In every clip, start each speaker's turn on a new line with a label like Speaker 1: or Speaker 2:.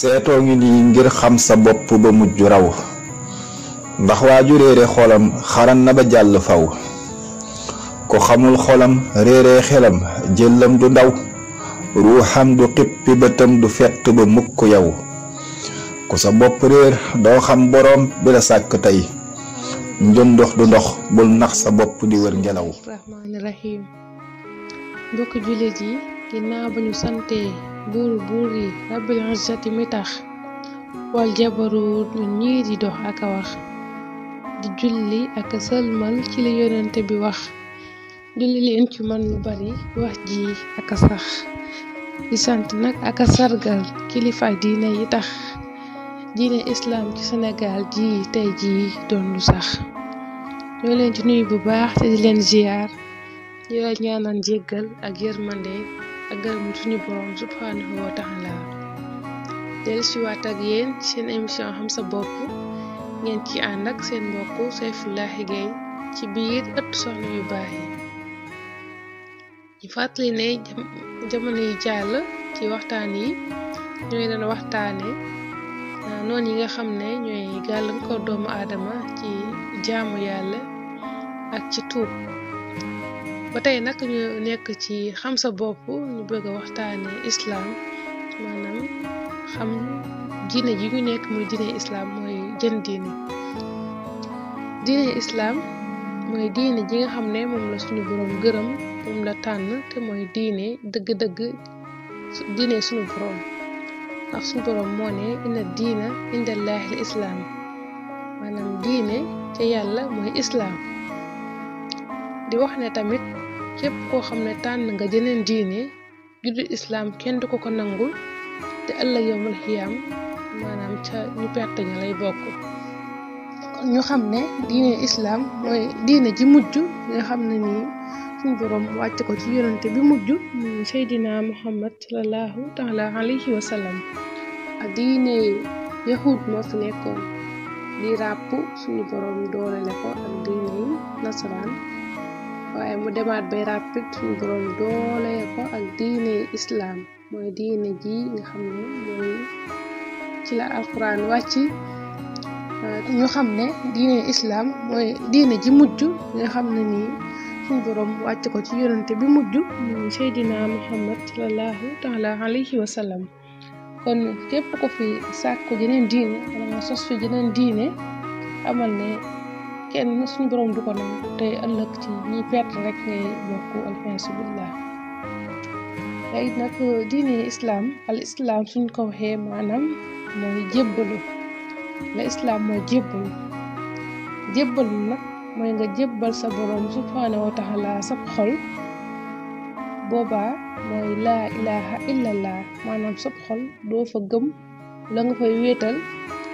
Speaker 1: seto ngi li ngir xam sa bop ba mujju raw ndax waju rere xolam xaran na ba jall faw ko xamul xolam rere xelam jeelam du ndaw ruham du xippi batam du fet ba mukk yow ko sa bop réer do xam borom bi la tay ndon dox du dox bul nax sa bop di wër ngelaw rahim ndok ji buñu buuru buur yi rabbil izzati mi tax wal jabarut ñun ñii di dox ak wax di julli ak a ci li yonente bi wax julli leen ci man lu bari wax ji ak a sax di sant nag ak sargal kilifa diine yi tax diine islaam ci senegaal ji tey ji doon sax ñoo leen ci nuyu bu baax te di leen ziar di ñaanal jéggal ak yërmande ak gërëm suñu borom subhanahu wa taala dellu siwaat ak yéen seen émission xam sa bopp ngeen ci ànd ak seen mbokk Sayfullahi Gaye ci biir ëttu soxna yu baax yi ñu fàttali ne jamono yi jàll ci waxtaan yi ñooy doon waxtaane ah, noonu yi nga xam ne ñooy gàllankoor doomu aadama ci jaamu yàlla ak ci tuub ba tey nag ñu nekk ci xam sa bopp ñu bëgg a waxtaane islaam maanaam xam diine ji ñu nekk muy diine islaam mooy jën diine islaam mooy diine ji nga xam ne moom la suñu boroom gërëm moom la tànn te mooy diine dëgg-dëgg diine suñu boroom ndax suñu boroom moo ne inna diina indallahi l islaam maanaam diine ca yàlla mooy islaam di wax ne tamit képp koo xam ne tànn nga jeneen diine juddu islaam kenn du ko ko nangul te ëllëg yowmal xiyaam maanaam ca ñu perte ña lay bokk ñu xam ne diine islaam mooy diine ji mujj nga xam ne nii suñu boroom wàcc ko ci yonante bi mujj muy seydina muhammad sallallahu taala alayhi wa ak diine yahud moo fi nekkoon di ràpp suñu boroom doole ko ak diine nasaraan waaye mu demaat bay rapide suñu borom doolee ko ak diine islaam mooy diine ji nga xam ne mooy ci la alquran wàcc ñu xam ne diine islaam mooy diine ji mujj nga xam ne ni fu borom wàcc ko ci yonante bi mujj muy seydina muhammad salallahu taala alayhi wa kon képp ko fi sàkku jeneen jeneen diine amal ne fekkee ne suñu borom du ko nangu tey ëllëg ci ñi perte rek ngay bokk alfiyasu billah tey nag uh, diine islaam al islaam suñ ko waxee maanaam mooy jébbalu la islaam mooy jébbalu jébbalu nag mooy nga jébbal sa borom subhaanahu wa taala sa xol booba mooy laa ilaha illallah maanaam sa xol doo fa gëm la nga fay wéetal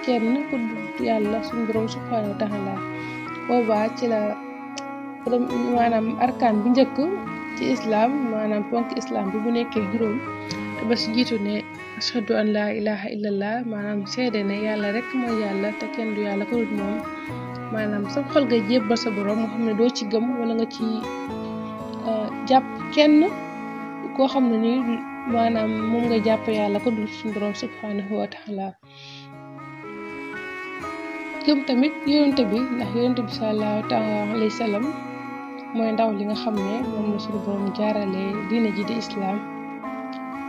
Speaker 1: kenn ku dul yàlla suñu borom subhaanahu wa taala boobaa ci la maanaam arkaan bu njëkk ci islam maanaam ponk islam bi bu nekkee juróom te ba si ne ashadu an laa ilaha illallah maanaam seede ne yàlla rek mooy yàlla te kenn du yàlla ko dul moom maanaam sa ga nga jébbal sa borom moo xam ne doo ci gëm wala nga ci euh, jàpp kenn koo xam ne ni maanaam moom nga jàpp yàlla ko dul suñu borom subhanahu wa taala gëm tamit yonent bi ndax yonent bi sallallahu mooy ndaw li nga xam ne moom la suñu borom jaarale diine ji di islaam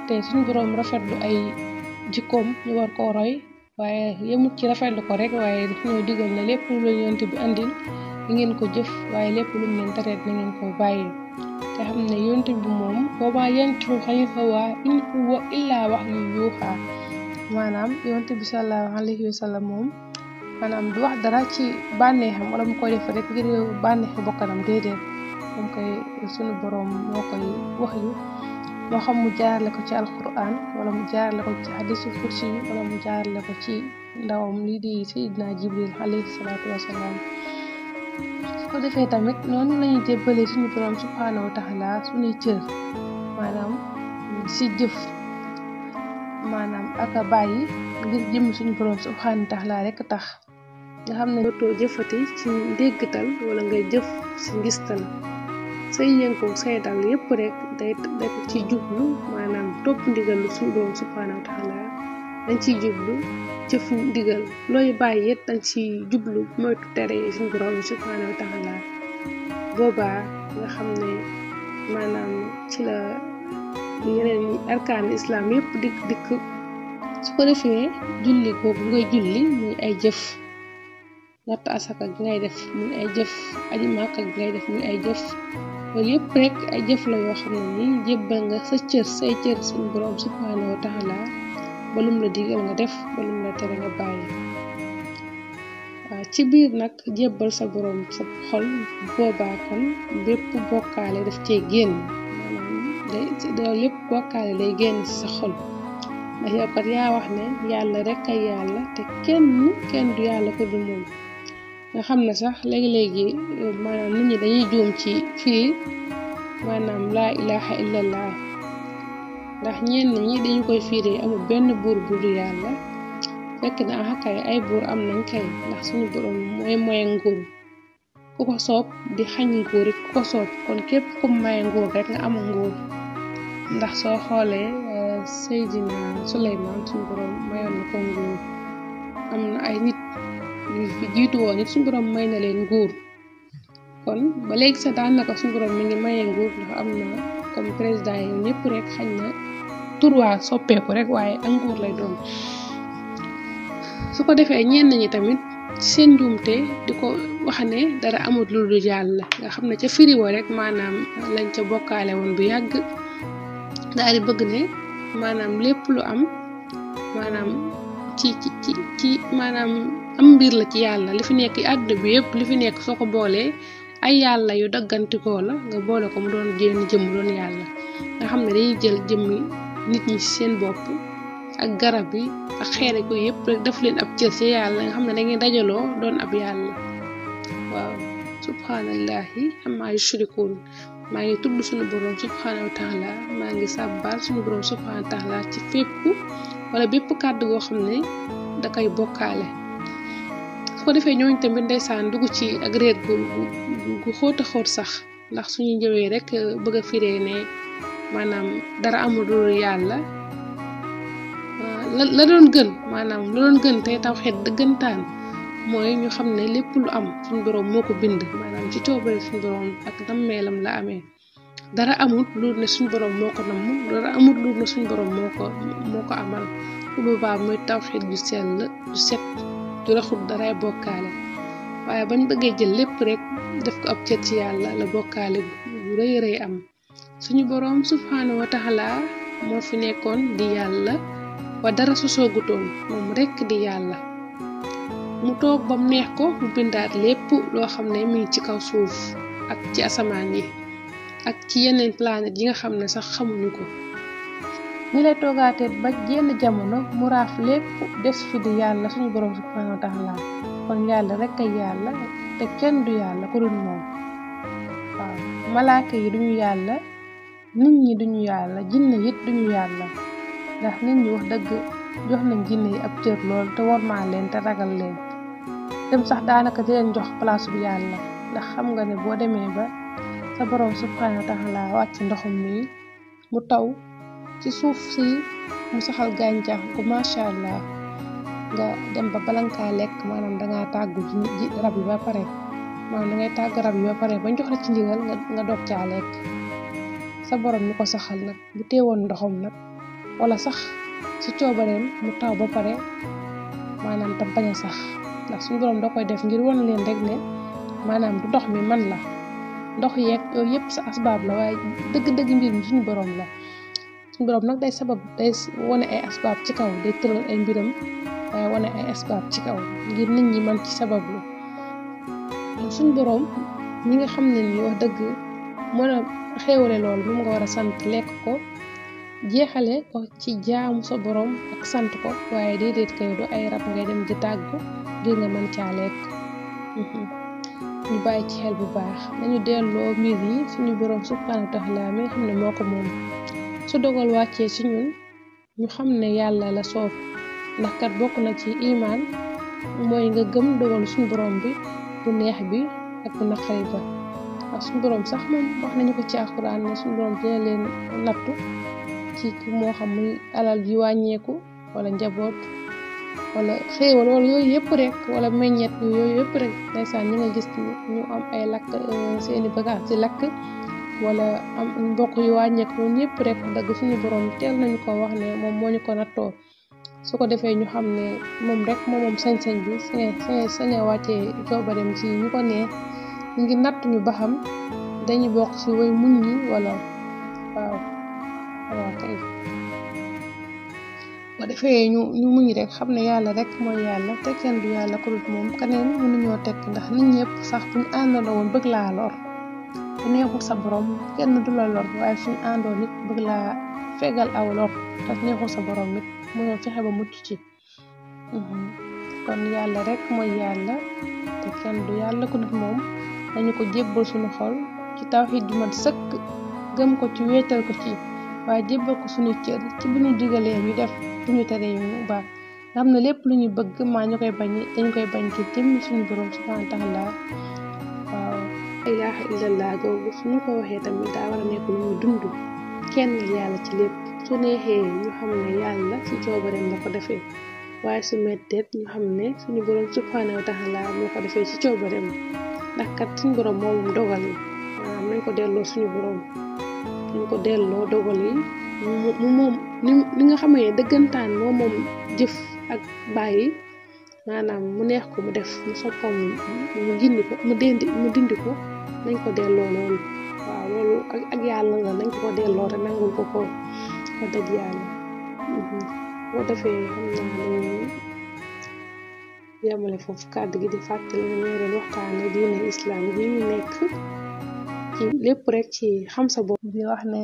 Speaker 1: te suñu ay jikkoom ñu war koo roy waaye yemut ci rafetlu ko rek waaye daf ñoo na lépp lu leen yonent bi andil di ko jëf waaye lépp lu mu leen tereet na ngeen ko bàyyi te xam ne yonent bi moom boobaa yantiqu anil hawaa in huwa illaa wahyun maanaam yonent bi sallallahu alayhi wa moom. maanaam du wax dara ci bànneexam wala mu koy def rek ngir bànneexu bokkanam déedéet moom koy sunu boroom moo koy wax yu moo xam mu jaar ko ci ko ci hadisu kursi yi wala mu jaarale ko ci ndawam lii di sayidina jibril alayhi salaatu wasalaam su ko defee tamit noonu lañuy jébbalee suñu borom subhaanahu wa taala suñuy cër maanaam si jëf maanaam ak a ngir jëm suñu borom subhaanahu wa taala rek tax nga xam ne dootoo jëfati ci ndéggtal wala ngay jëf ci ngistal say yëngu say dal yépp rek day day ci jublu maanaam topp ndigalu suñu borom subhaanahu dañ ciy jublu jëf ndigal looy bàyyi dañ ciy jublu moytu tere yi suñu borom subhaanahu wa taala nga xam ne maanaam ci la yeneen arkaan islam yépp dikk dikk su ko julli googu ngay julli muy ay jëf natt asak ak ngay def muy ay jëf aji mak ak ngay def muy ay jëf lool yépp rek ay jëf la yoo xam ne nii jébbal nga sa cër say cër suñu borom subhanahu wa taala ba lum la digal nga def ba lum la tere nga bàyyi ci biir nag jébbal sa borom sa xol boobaa kon bépp bokkaale daf cee génn day loolu yépp bokkaale day génn sa xol ndax yow kat yaa wax ne yàlla rek ay yàlla te kenn kenn du yàlla ko du moom nga xam na sax léegi-léegi maanaam nit ñi dañuy juum ci fii maanaam laa ilaha illallah ndax ñenn ñi dañu koy fiiree amul benn buur bu yàlla fekk na axakay ay buur am nañ kay ndax suñu borom mooy moye nguur ku ko soob di xañ nguur ku ko soob kon képp kum maye nguur rek nga am nguur ndax soo xoolee euh, Seydina Suleymaan suñu borom mayoon nguur am na ay nit jiitu woon it suñu borom may na leen nguur kon ba léegi sa daanaka suñu borom mi ngi maye nguur ndax président yi ñëpp rek xañ na tur soppeeku rek waaye ak nguur lay doon su ko defee ñenn ñi tamit seen njuumte di ko wax ne dara amut lu dul la nga xam ne ca firiwo rek maanaam lañ ca bokkaale woon bu yàgg daal bëgg ne maanaam lépp lu am maanaam ci ci ci maanaam. am mbir la ci yàlla li fi nekk àdduna bi yépp li fi nekk soo ko boolee ay yàlla yu daggantikoo la nga boole ko mu doon jénn jëmm doon yàlla nga xam ne dañuy jël jëmmi nit ñi seen bopp ak garab yi ak xeere ko yëpp rek daf leen ab cër ci yàlla nga xam ne dangay dajaloo doon ab yàlla waaw subhaanallahi amma yushrikuun maa ngi tudd suñu borom subhaanahu wa maa ngi sàbbaal suñu borom subhaanahu ci fépp wala bépp kàddu goo xam ne da bokkaale su ko defee ñooñu tamit ndeysaan dugg ci ak réer gu gu xóot xóot sax ndax suñu jëwee rek euh, bëgg a firee ne maanaam dara amul dul yàlla euh, la la doon gën maanaam la doon gën tey dëggantaan mooy ñu xam ne lépp lu am suñu borom moo ko bind maanaam ci coobare suñu borom ak nammeelam la amee dara amul lu ne suñu borom moo ko namm dara amul lu ne suñu borom moo ko moo ko amal bu boobaa mooy tawxiid ju sell ju set. du raxul daray bokkaale waaye bañ bëggee jël lépp rek def ko ab cet yàlla la bokkaale bu rëy rëy am suñu boroom subhaanahu wa taala moo fi nekkoon di yàlla wa dara su soogutoon moom rekk di yàlla mu toog ba mu neex ko mu bindaat lépp loo xam ne mi ngi ci kaw suuf ak ci asamaan yi ak ci yeneen planète yi nga xam ne sax xamuñu ko ni lay toogaatee ba jenn jamono mu raaf lépp des fi di yàlla suñu borom subhanahu a taala kon yàlla rek ay yàlla te kenn du yàlla ku moom malaaka yi duñu yàlla nit ñi duñu yàlla jinne it duñu yàlla ndax nit ñi wax dëgg jox nañ jinne yi ab cër lool te wormaa leen te ragal leen dem sax daanaka di leen jox place bu yàlla ndax xam nga ne boo demee ba sa borom subhanahu wa taala wàcc ndoxum mi mu taw ci suuf si mu saxal gàncax gu macha allah nga dem ba balanka lekk maanaam da ngaa ji rab yi ba pare maanaam da ngay tàgg rab yi ba pare bañ jox la ci ndigal nga dog caa lekk sa borom mi ko saxal nag bu teewoon ndoxam nag wala sax ci coobareem mu taw ba pare maanaam tam bañ a sax ndax suñu borom da koy def ngir wan leen rek ne maanaam du dox mi man la ndox yeeg yooyu yëpp sa asbaab la waaye dëgg-dëgg mbir mi suñu borom la. suñu borom nag day sabab day wane ay asbaab ci kaw day tëral ay mbiram wane ay asbaab ci kaw ngir nit ñi man ci sabab lu suñu borom ñi nga xam ne ni wax dëgg mën a xéewale loolu moom nga war a sant lekk ko jeexale ko ci jaamu sa boroom ak sant ko waaye déedéet kay du ay rab ngay dem di tàgg ngir nga mën caa lekk mhm. ñu bàyyi ci xel bu baax nañu delloo mbir yi suñu borom subhanahu wa taala mi nga xam ne moo ko moom su dogal wàccee ci ñun ñu xam ne yàlla la soob ndax kat bokk na ci imaan mooy nga gëm dogal suñu borom bi bu neex bi ak bu naqari ba ak suñu sax moom wax nañu ko ci alxuraan ne suñu borom leen nattu ci moo xam muy alal ji wàññeeku wala njaboot wala xéewal wala yooyu yëpp rek wala meññeet yooyu yëpp rek ndeysaan ñi nga gis ñu am ay lakk euh, seeni bagage ci lakk wala am mbokk yu wàññeeku ñun ñëpp rek dagg suñu borom teel nañu ko wax ne moom moo ñu ko nattoo su ko defee ñu xam ne moom rek moom moom sañ-sañ a ñu ko nee ngi natt ñu ba xam dañu bokk ci way muñ ñi wala waaw waaw kay ñu ñu muñ rek xam ne yàlla rek mooy yàlla te seen du yàlla ko dut moom keneen mënuñoo tekk ndax nit ñëpp sax bu ñu woon bëgg laa lor neexul sa borom kenn du la lor waaye suñ àndoon nit bëgg laa fegal aw lor te neexul sa borom nit mënoo fexe ba mucc ci mhm. kon yàlla rek mooy yàlla te kenn du yàlla ko def moom dañu ko jébbal suñu xol ci tawxiid du mat sëkk gëm ko ci wéetal ko ci waaye jébbal ko suñu cër ci bi ñu digalee ñu def duñu tere yu baax nga xam ne lépp lu ñu bëgg maa ñu koy bañ dañu koy bañ ci jëmm suñu borom subhaanahu wa taala ilaha illallah googu suñu ko waxee tamit daa war a nekk lu ñu dund kenn yàlla ci lépp su neexee ñu xam ne yàlla ci coobareem la ko defee waaye su metteet ñu xam ne suñu borom subhanahu wa taala moo ko defee ci coobareem ndax kat suñu borom moom dogal yi waaw ko delloo suñu borom ko delloo dogal yi mu moom li nga xam dëggantaan moo moom jëf ak bàyyi maanaam mu neex ko mu def mu soppam mu gindi ko mu dendi mu dindi ko nañ ko delloo loolu waaw loolu ak ak yàlla la nañ ko delloo te nangul ko ko wax dëgg yàlla mhm. boo defee xam naa ne yemale foofu kàddu gi di fàttali ne ñoo doon waxtaane lépp rek ci xam sa bopp di wax ne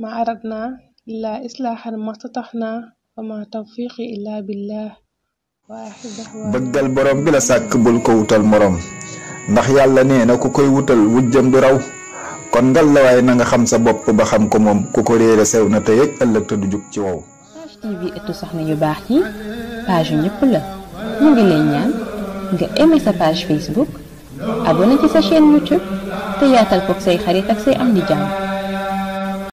Speaker 1: ma arat naa illaa islaahan mastatax naa wa ma tawfiqi illaa billah bëggal borom bi la sàkk bul ko wutal morom ndax yàlla nee na ku koy wutal wujjam du raw kon ngal la waaye na nga xam sa bopp ba xam ko moom ku ko réere sew na te yëg ëllëg te du jug ci wow. Sage TV ëttu soxna yu baax yi page yu ñëpp la mu ngi lay ñaan nga aimé sa page Facebook abonné ci sa chaîne YouTube te yaatal koog say xarit ak say am di jàmm.